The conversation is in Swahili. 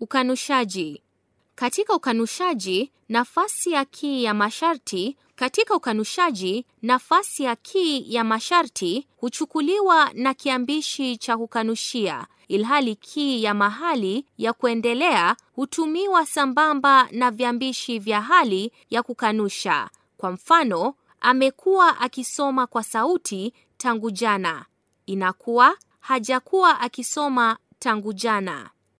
Ukanushaji. Katika ukanushaji, nafasi ya kii ya masharti katika ukanushaji, nafasi ya kii ya masharti huchukuliwa na kiambishi cha kukanushia, ilhali kii ya mahali ya kuendelea hutumiwa sambamba na viambishi vya hali ya kukanusha. Kwa mfano, amekuwa akisoma kwa sauti tangu jana. Inakuwa hajakuwa akisoma tangu jana.